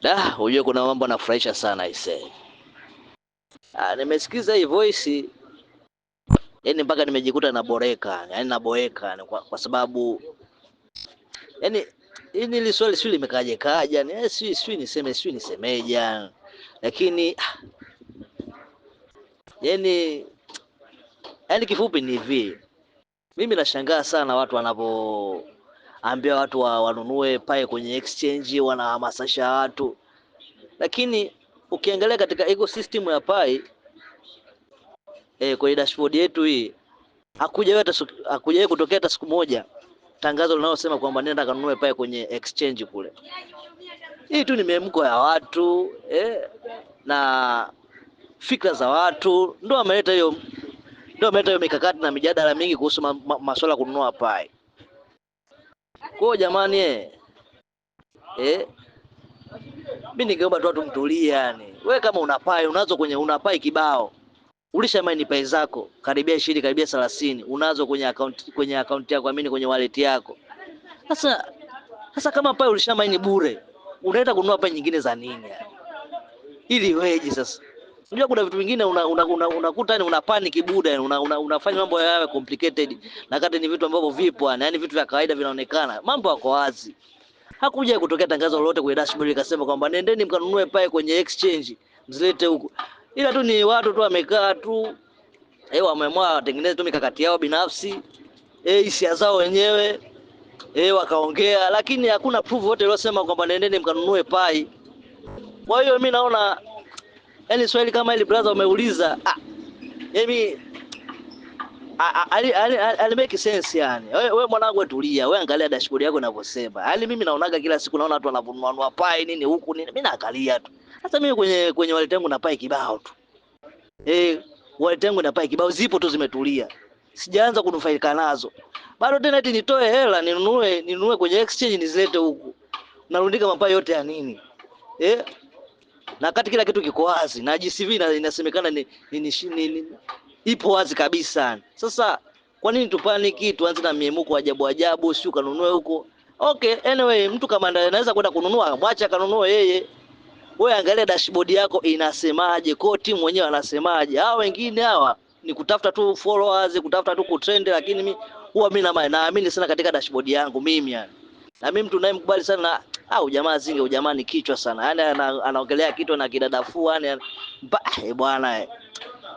Da, unajua kuna mambo anafurahisha sana ise. Ah, nimesikiza hii voice yani mpaka nimejikuta naboreka, yani naboeka kwa, kwa sababu yani yaani, hii ni swali sijui limekaje kaja, ni eh, sijui sijui niseme sijui nisemeja, lakini yani yani kifupi ni hivi, mimi nashangaa sana watu wanapo ambia watu wa, wanunue pale kwenye exchange, wanahamasisha watu, lakini ukiangalia katika ecosystem ya pai e, eh, kwenye dashboard yetu hii hakujawahi kutokea hata siku moja tangazo linalosema kwamba nenda kanunue pale kwenye exchange kule. Hii tu ni memko ya watu eh, na fikra za watu ndio ameleta hiyo ndio ameleta hiyo mikakati na mijadala mingi kuhusu ma, ma, masuala kununua pai ko jamani eh. Eh. Mimi ningeomba tu watu mtulie yani. Wewe kama unapai unazo kwenye unapai kibao. Ulisha maini pai zako karibia 20 karibia 30 unazo kwenye account kwenye account yako amini kwenye wallet yako. Sasa sasa kama pai ulisha maini bure unaenda kununua pai nyingine za nini Ili weje sasa? Unajua kuna vitu vingine unakuta una, una, una yani una panic buda, una, una, unafanya mambo yawe complicated, na kati ni vitu ambavyo vipo yani, vitu vya kawaida vinaonekana, mambo yako wazi. Hakuja kutokea tangazo lolote kwenye dashboard ikasema kwamba nendeni mkanunue pale kwenye exchange mzilete huko. ila tu ni watu tu wamekaa tu eh, wameamua watengeneze tu mikakati yao binafsi eh, hisia zao wenyewe eh, wakaongea, lakini hakuna proof wote waliosema kwamba nendeni mkanunue pai. Kwa hiyo mimi naona yani swali kama ile brother umeuliza, ah, yani ah, ah, make sense yani. Wewe we mwanangu, tulia, wewe angalia dashboard yako inavyosema. Hali yaani mimi naonaga kila siku, naona watu wanavunua pai nini huku nini, mimi naangalia tu. Sasa mimi kwenye kwenye walitengu na pai kibao tu eh, walitengu na pai kibao zipo tu zimetulia, sijaanza kunufaika nazo bado. Tena eti nitoe hela ninunue ninunue kwenye exchange nizilete huku, narundika mapai yote ya nini eh? na wakati kila kitu kiko wazi na GCV inasemekana ni, ni, ni, ni, ni, ipo wazi kabisa. Sasa kwa nini tupaniki, tuanze na miemuko ajabu ajabu, si ukanunue huko? Okay, anyway, mtu kama anaweza kwenda kununua, mwache akanunue yeye. Wewe angalia dashboard yako inasemaje, kwa timu wenyewe anasemaje. Hao wengine hawa ni kutafuta tu followers, kutafuta tu kutrend, lakini mi huwa mimi naamini sana katika dashboard yangu mimi yani. Na mimi mtu naye mkubali sana na au jamaa zinge, ujamaa ni kichwa sana. Yani anaongelea kitu na kidadafua yani bae eh, bwana eh.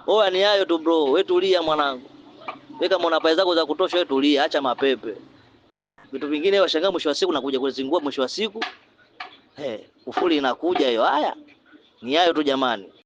Oya, ni hayo tu bro, wewe tulia mwanangu, kama una pesa zako za kutosha, wewe tulia, acha mapepe. Vitu vingine washangaa, mwisho wa siku nakuja kuzingua, mwisho wa siku eh, hey, kufuli inakuja hiyo. Haya, ni hayo tu jamani.